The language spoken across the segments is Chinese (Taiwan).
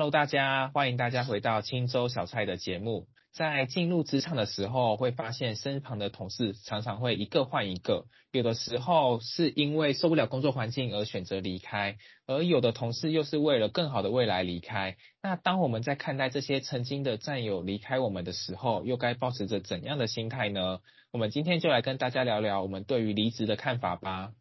hello，大家，歡迎大家回到青州小菜的節目。在進入職場的時候，會發現身旁的同事常常會一個換一個，有的時候是因為受不了工作環境而選擇離開，而有的同事又是為了更好的未來離開。那當我們在看待這些曾經的戰友離開我們的時候，又該抱持着怎樣的心態呢？我們今天就來跟大家聊聊我們對於離職的看法吧。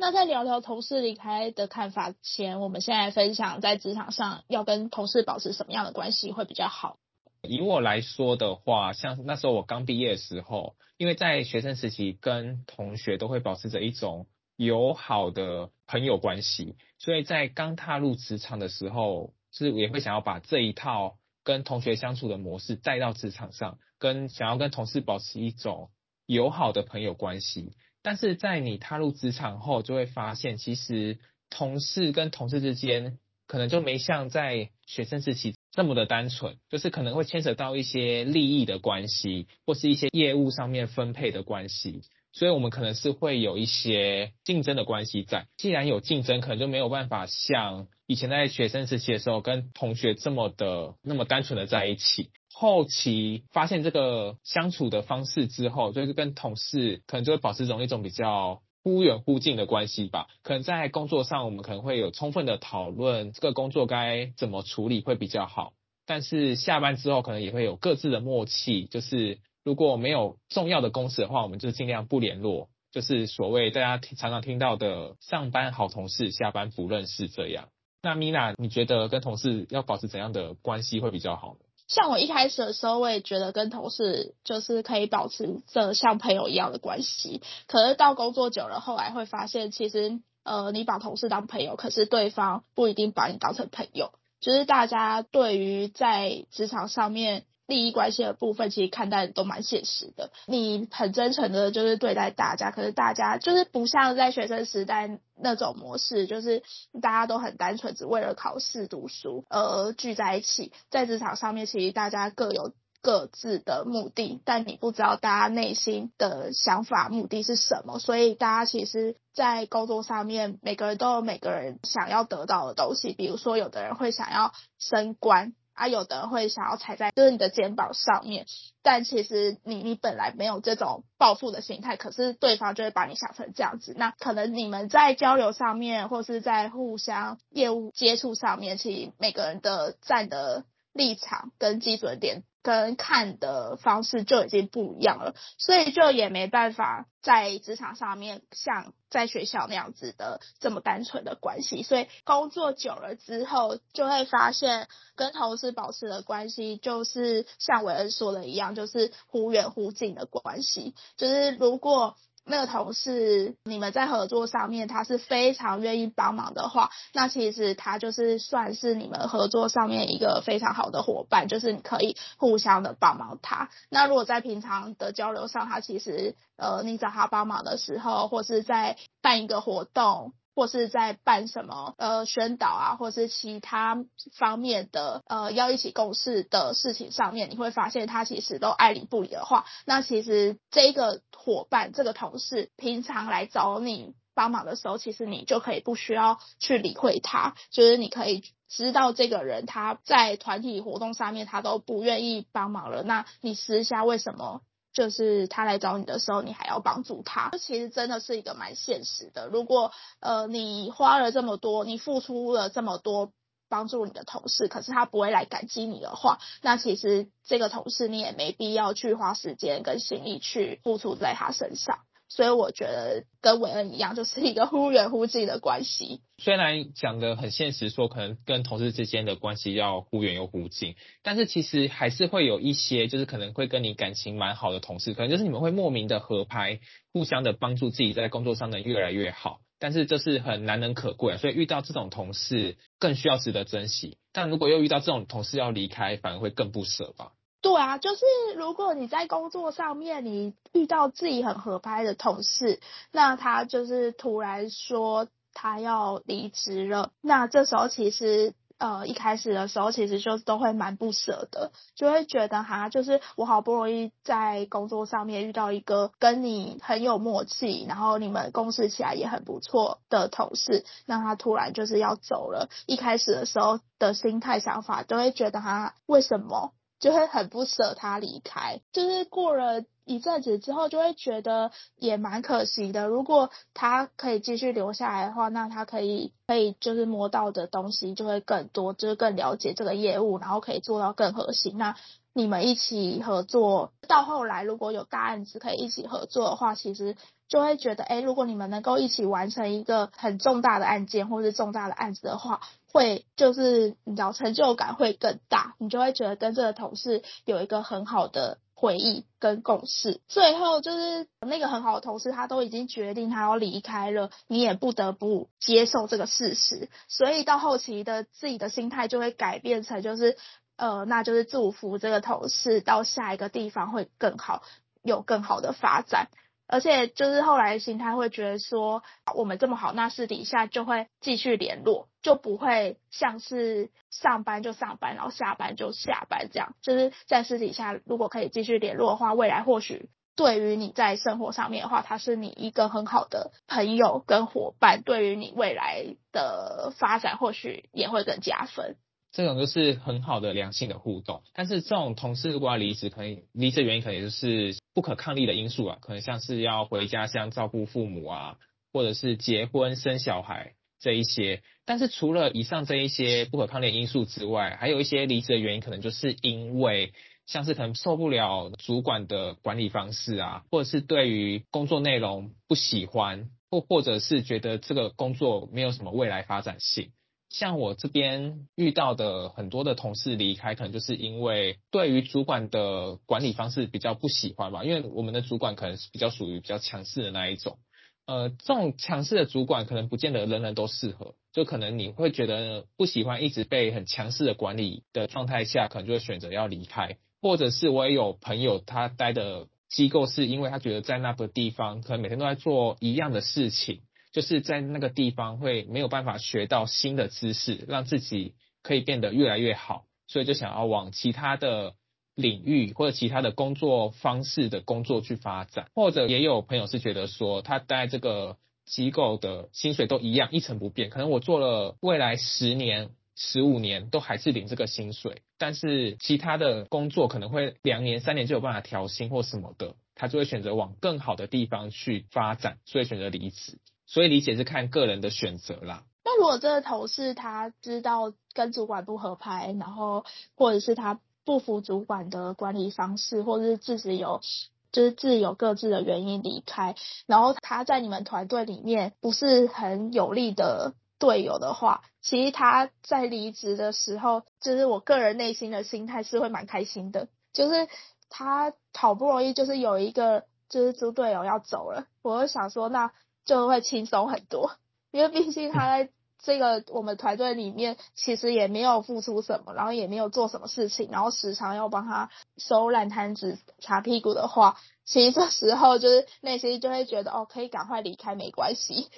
那在聊聊同事離開的看法前，我們現在分享在職場上要跟同事保持什麼樣的關係會比較好？以我來說的話，像那時候我剛畢業的時候，因為在學生時期跟同學都會保持着一種友好的朋友關係，所以在剛踏入職場的時候，就是也會想要把這一套跟同學相處的模式帶到職場上，跟想要跟同事保持一種友好的朋友關係。但是在你踏入職場後，就會發現，其實同事跟同事之間可能就沒像在學生時期這麼的單純，就是可能會牽扯到一些利益的關係，或是一些業務上面分配的關係，所以我們可能是會有一些競爭的關係在。既然有競爭，可能就沒有辦法像以前在學生時期的時候跟同學這麼的那麼單純的在一起。後期發現這個相處的方式之後，就是跟同事可能就會保持一種一種比較忽遠忽近的關係吧。可能在工作上，我們可能會有充分的討論，這個工作該怎麼處理會比較好。但是下班之後，可能也會有各自的默契。就是如果沒有重要的公司的話，我們就盡量不聯絡。就是所謂大家常常聽到的“上班好同事，下班不認識”這樣。那米娜，你覺得跟同事要保持怎樣的關係會比較好呢？像我一開始的時候，我也覺得跟同事就是可以保持着像朋友一樣的關係。可是到工作久了，後來會發現，其實呃，你把同事當朋友，可是對方不一定把你當成朋友。就是大家對於在職場上面。利益關係的部分，其實看待都蠻現實的。你很真誠的，就是對待大家，可是大家就是不像在學生時代那種模式，就是大家都很單純，只為了考試讀書而聚在一起。在職場上面，其實大家各有各自的目的，但你不知道大家內心的想法目的是什麼。所以大家其實在工作上面，每個人都有每個人想要得到的東西。比如說，有的人會想要升官。啊，有的人會想要踩在就是你的肩膀上面，但其實你你本來沒有這種報復的心態，可是對方就會把你想成這樣子。那可能你們在交流上面，或是在互相業務接觸上面，其實每個人的站的立場跟基準點。跟看的方式就已經不一樣了，所以就也沒辦法在職場上面像在學校那樣子的這麼單純的關係。所以工作久了之後，就會發現跟同事保持的關係，就是像偉恩說的一樣，就是忽遠忽近的關係。就是如果。那個同事，你們在合作上面，他是非常願意幫忙的話，那其實他就是算是你們合作上面一個非常好的夥伴，就是你可以互相的幫忙他。那如果在平常的交流上，他其實，呃，你找他幫忙的時候，或是在辦一個活動。或是在辦什麼呃宣導啊，或是其他方面的呃要一起共事的事情上面，你會發現他其實都愛理不理的話，那其實這個夥伴，這個同事平常來找你幫忙的時候，其實你就可以不需要去理會他，就是你可以知道這個人，他在團體活動上面他都不願意幫忙了，那你私下為什麼？就是他來找你的時候，你還要幫助他，這其實真的是一個蠻現實的。如果呃你花了這麼多，你付出了這麼多幫助你的同事，可是他不會來感激你的話，那其實這個同事你也沒必要去花時間跟心力去付出在他身上。所以我覺得跟偉恩一樣，就是一個忽遠忽近的關係。雖然講的很現實說，說可能跟同事之間的關係要忽遠又忽近，但是其實還是會有一些，就是可能會跟你感情蠻好的同事，可能就是你們會莫名的合拍，互相的幫助自己在工作上的越來越好。但是這是很難能可貴，所以遇到這種同事更需要值得珍惜。但如果又遇到這種同事要離開，反而會更不捨吧。對啊，就是如果你在工作上面，你遇到自己很合拍的同事，那他就是突然說他要離職了，那這時候其實呃一開始的時候，其實就都會蠻不舍的，就會覺得哈、啊，就是我好不容易在工作上面遇到一個跟你很有默契，然後你們共事起來也很不錯的同事，那他突然就是要走了，一開始的時候的心態想法都會覺得哈、啊，為什麼？就會很不捨他離開，就是過了一陣子之後，就會覺得也蠻可惜的。如果他可以繼續留下來的話，那他可以可以就是摸到的東西就會更多，就是更了解這個業務，然後可以做到更核心。那你們一起合作到後來，如果有大案子可以一起合作的話，其實就會覺得，誒、欸，如果你們能夠一起完成一個很重大的案件或是重大的案子的話，會就是你知道成就感會更大，你就會覺得跟這個同事有一個很好的回憶跟共事，最後就是那個很好的同事，他都已經決定他要離開了，你也不得不接受這個事實，所以到後期的自己的心態就會改變成就是。呃，那就是祝福這個同事到下一個地方會更好，有更好的發展。而且就是後來心態會覺得說，我們這麼好，那私底下就會繼續聯絡，就不會像是上班就上班，然後下班就下班這樣。就是在私底下，如果可以繼續聯絡的話，未來或許對於你在生活上面的話，他是你一個很好的朋友跟夥伴，對於你未來的發展，或許也會更加分。這種就是很好的良性的互動，但是這種同事如果要離職，可能離職原因可能就是不可抗力的因素啊，可能像是要回家鄉照顧父母啊，或者是結婚生小孩這一些。但是除了以上這一些不可抗力的因素之外，還有一些離職的原因，可能就是因為像是可能受不了主管的管理方式啊，或者是對於工作內容不喜歡，或或者是覺得這個工作沒有什麼未來發展性。像我這邊遇到的很多的同事離開，可能就是因為對於主管的管理方式比較不喜歡吧，因為我們的主管可能是比較屬於比較強勢的那一種，呃，這種強勢的主管可能不見得人人都適合，就可能你會覺得不喜歡，一直被很強勢的管理的狀態下，可能就會選擇要離開，或者是我也有朋友他待的機構是因為他覺得在那個地方，可能每天都在做一樣的事情。就是在那個地方會沒有辦法學到新的知識，讓自己可以變得越來越好，所以就想要往其他的領域或者其他的工作方式的工作去發展。或者也有朋友是覺得說，他待這個機構的薪水都一樣，一成不變，可能我做了未來十年、十五年都還是領這個薪水，但是其他的工作可能會兩年、三年就有辦法調薪或什麼的，他就會選擇往更好的地方去發展，所以選擇離職。所以理解是看個人的選擇啦。那如果這個同事他知道跟主管不合拍，然後或者是他不服主管的管理方式，或者是自己有就是自有各自的原因離開，然後他在你們團隊裡面不是很有力的隊友的話，其實他在離職的時候，就是我個人內心的心態是會蠻開心的。就是他好不容易就是有一個就是豬隊友要走了，我就想說那。就會輕鬆很多，因為畢竟他在這個我們團隊裡面，其實也沒有付出什麼，然後也沒有做什麼事情，然後時常要幫他收爛攤子、擦屁股的話，其實這時候就是內心就會覺得哦，可以趕快離開，沒關係，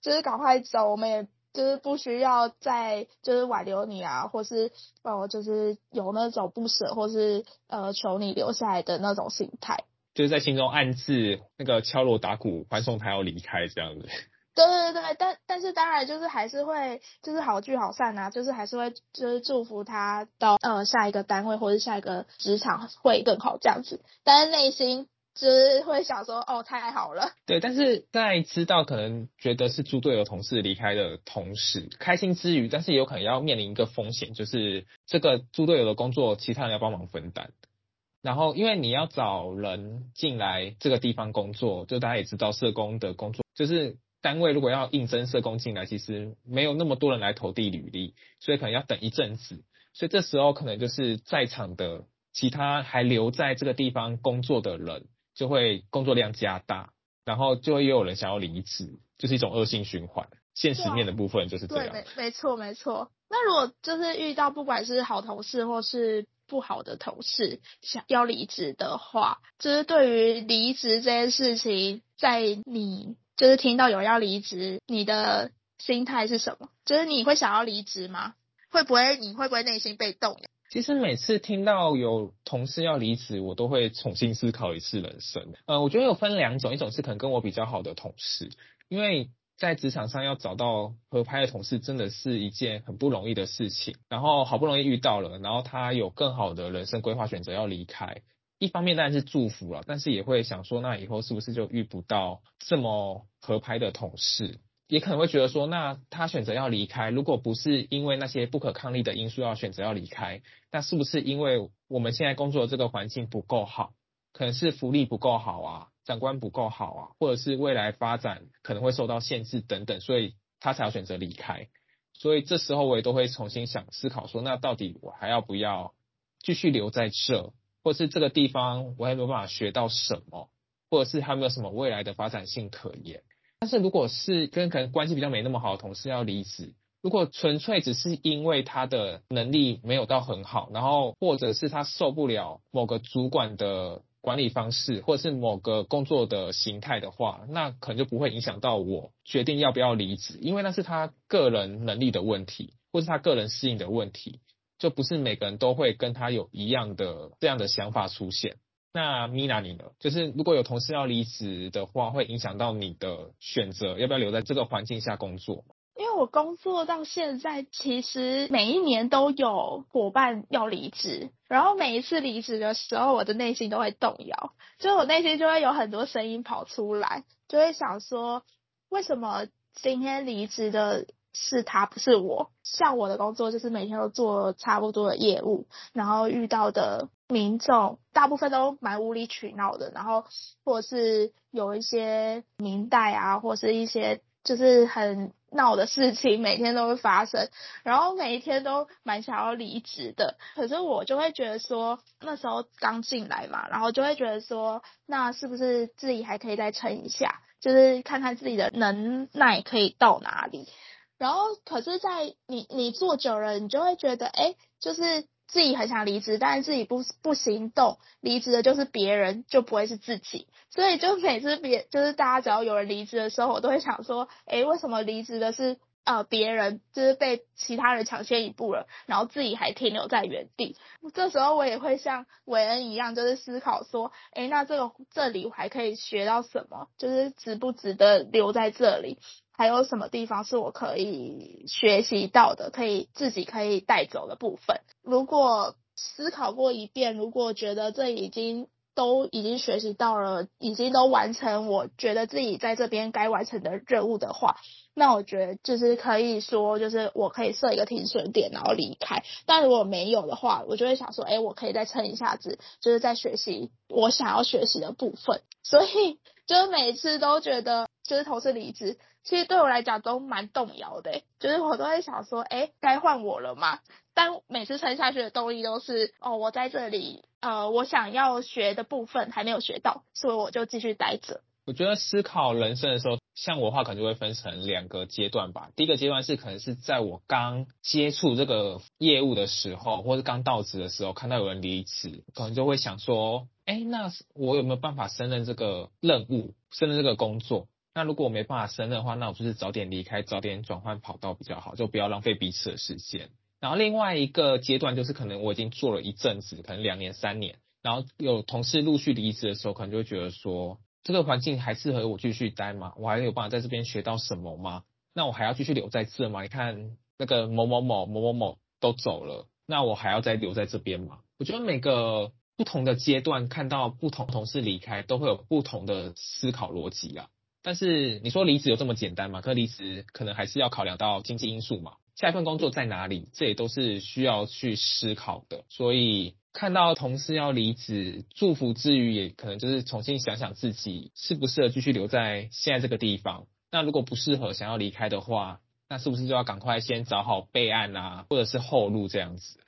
就是趕快走，我們也就是不需要再就是挽留你啊，或是哦，就是有那種不捨，或是呃求你留下來的那種心態。就是在心中暗自那個敲鑼打鼓歡送他要離開這樣子。對對對，但但是當然就是還是會就是好聚好散啊，就是還是會就是祝福他到呃下一個單位或是下一個職場會更好這樣子。但是內心就是會想說，哦，太好了。對，但是在知道可能覺得是豬隊友同事離開的同時，開心之餘，但是有可能要面臨一個風險，就是這個豬隊友的工作，其他人要幫忙分擔。然後，因為你要找人進來這個地方工作，就大家也知道，社工的工作就是單位如果要應徵社工進來，其實沒有那麼多人來投遞履歷，所以可能要等一陣子。所以這時候可能就是在場的其他還留在這個地方工作的人，就會工作量加大，然後就會又有人想要離職，就是一種惡性循環。現實面的部分就是這樣。對，沒，沒錯，沒錯。那如果就是遇到不管是好同事或是。不好的同事想要離職的話，就是對於離職這件事情，在你就是聽到有人要離職，你的心態是什麼？就是你會想要離職嗎？會不會你會不會內心被動？其實每次聽到有同事要離職，我都會重新思考一次人生。呃，我覺得有分兩種，一種是可能跟我比較好的同事，因為。在職場上要找到合拍的同事，真的是一件很不容易的事情。然後好不容易遇到了，然後他有更好的人生規劃選擇要離開。一方面當然是祝福了啊，但是也會想說，那以後是不是就遇不到這麼合拍的同事？也可能會覺得說，那他選擇要離開，如果不是因為那些不可抗力的因素要選擇要離開，那是不是因為我們現在工作的這個環境不夠好，可能是福利不夠好啊？長官不夠好啊，或者是未來發展可能會受到限制等等，所以他才要選擇離開。所以這時候我也都會重新想思考說，那到底我還要不要繼續留在這，或者是這個地方我還沒有辦法學到什麼，或者是他沒有什麼未來的發展性可言。但是如果是跟可能關係比較沒那麼好的同事要離職，如果純粹只是因為他的能力沒有到很好，然後或者是他受不了某個主管的。管理方式，或者是某個工作的形態的話，那可能就不會影響到我決定要不要離職，因為那是他個人能力的問題，或是他個人適應的問題，就不是每個人都會跟他有一樣的這樣的想法出現。那米娜你呢？就是如果有同事要離職的話，會影響到你的選擇，要不要留在這個環境下工作？我工作到現在，其實每一年都有夥伴要離職，然後每一次離職的時候，我的內心都會動搖，就我內心就會有很多聲音跑出來，就會想說，為什麼今天離職的是他，不是我？像我的工作就是每天都做差不多的業務，然後遇到的民眾大部分都蠻無理取鬧的，然後或者是有一些明代啊，或者是一些就是很。鬧的事情每天都會發生，然後每一天都蠻想要離職的。可是我就會覺得說，那時候剛進來嘛，然後就會覺得說，那是不是自己還可以再撐一下？就是看看自己的能耐可以到哪裡。然後，可是在你你做久了，你就會覺得，欸，就是。自己很想離職，但是自己不不行動，離職的就是別人，就不會是自己。所以，就每次別就是大家只要有人離職的時候，我都會想說，哎、欸，為什麼離職的是呃別人，就是被其他人搶先一步了，然後自己還停留在原地。這時候我也會像偉恩一樣，就是思考說，哎、欸，那這個這裡我還可以學到什麼？就是值不值得留在這裡？還有什麼地方是我可以學習到的，可以自己可以帶走的部分？如果思考過一遍，如果覺得這已經都已經學習到了，已經都完成，我覺得自己在這邊該完成的任務的話，那我覺得就是可以說，就是我可以設一個停損點，然後離開。但如果沒有的話，我就會想說，哎、欸，我可以再撐一下子，就是再學習我想要學習的部分。所以，就是每次都覺得。就是同事離職，其實對我來講都蠻動搖的、欸。就是我都在想說，誒該換我了嗎？但每次撐下去的動力都是，哦，我在這裡，呃，我想要學的部分還沒有學到，所以我就繼續待着。我覺得思考人生的時候，像我的話，可能就會分成兩個階段吧。第一個階段是可能是在我剛接觸這個業務的時候，或是剛到職的時候，看到有人離職，可能就會想說，哎、欸，那我有沒有辦法勝任這個任務，勝任這個工作？那如果我沒辦法升的話，那我就是早點離開，早點轉換跑道比較好，就不要浪費彼此的時間。然後另外一個階段就是，可能我已經做了一陣子，可能兩年三年，然後有同事陸續離職的時候，可能就會覺得說，這個環境還適合我繼續待嗎？我還有辦法在這邊學到什麼嗎？那我還要繼續留在這嗎？你看那個某某某、某某某都走了，那我還要再留在這邊嗎？我覺得每個不同的階段看到不同同事離開，都會有不同的思考邏輯啊。但是你說離職有這麼簡單嗎？可離職可能還是要考量到經濟因素嘛，下一份工作在哪裡，這也都是需要去思考的。所以看到同事要離職，祝福之餘，也可能就是重新想想自己適不適合繼續留在現在這個地方。那如果不適合，想要離開的話，那是不是就要趕快先找好備案啊，或者是後路這樣子？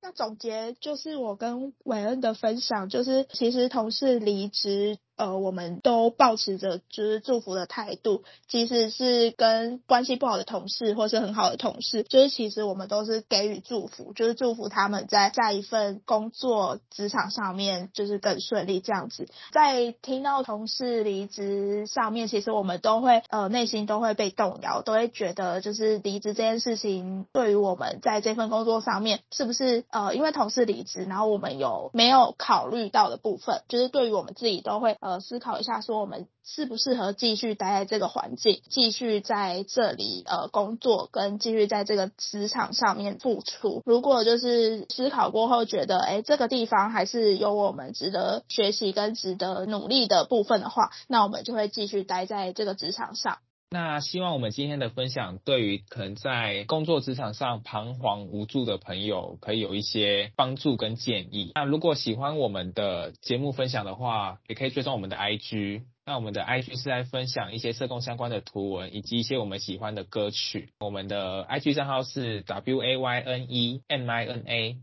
那總結就是我跟偉恩的分享，就是其實同事離職。呃，我們都抱持着就是祝福的態度，即使是跟關係不好的同事，或是很好的同事，就是其實我們都是給予祝福，就是祝福他們在下一份工作職場上面就是更順利這樣子。在聽到同事離職上面，其實我們都會呃內心都會被動搖，都會覺得就是離職這件事情對於我們在這份工作上面是不是呃因為同事離職，然後我們有沒有考慮到的部分，就是對於我們自己都會。呃，思考一下，說我們適不適合繼續待在這個環境，繼續在這裡呃工作，跟繼續在這個職場上面付出。如果就是思考過後覺得，欸，這個地方還是有我們值得學習跟值得努力的部分的話，那我們就會繼續待在這個職場上。那希望我們今天的分享，對於可能在工作職場上彷徨無助的朋友，可以有一些幫助跟建議。那如果喜歡我們的節目分享的話，也可以追蹤我們的 IG。那我們的 IG 是在分享一些社工相關的圖文，以及一些我們喜歡的歌曲。我們的 IG 賬號是 WAYNEMINA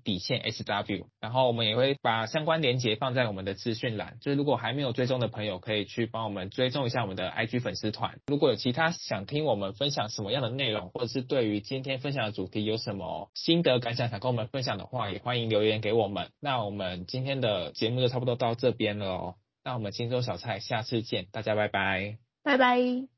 底線 SW，然後我們也會把相關鏈接放在我們的資訊欄。就是如果還沒有追蹤的朋友，可以去幫我們追蹤一下我們的 IG 粉絲團。如果有其他想聽我們分享什麼樣的內容，或者是對於今天分享的主題有什麼心得感想想跟我們分享的話，也歡迎留言給我們。那我們今天的節目就差不多到這邊了哦。那我們荊州小菜下次見，大家拜拜，拜拜。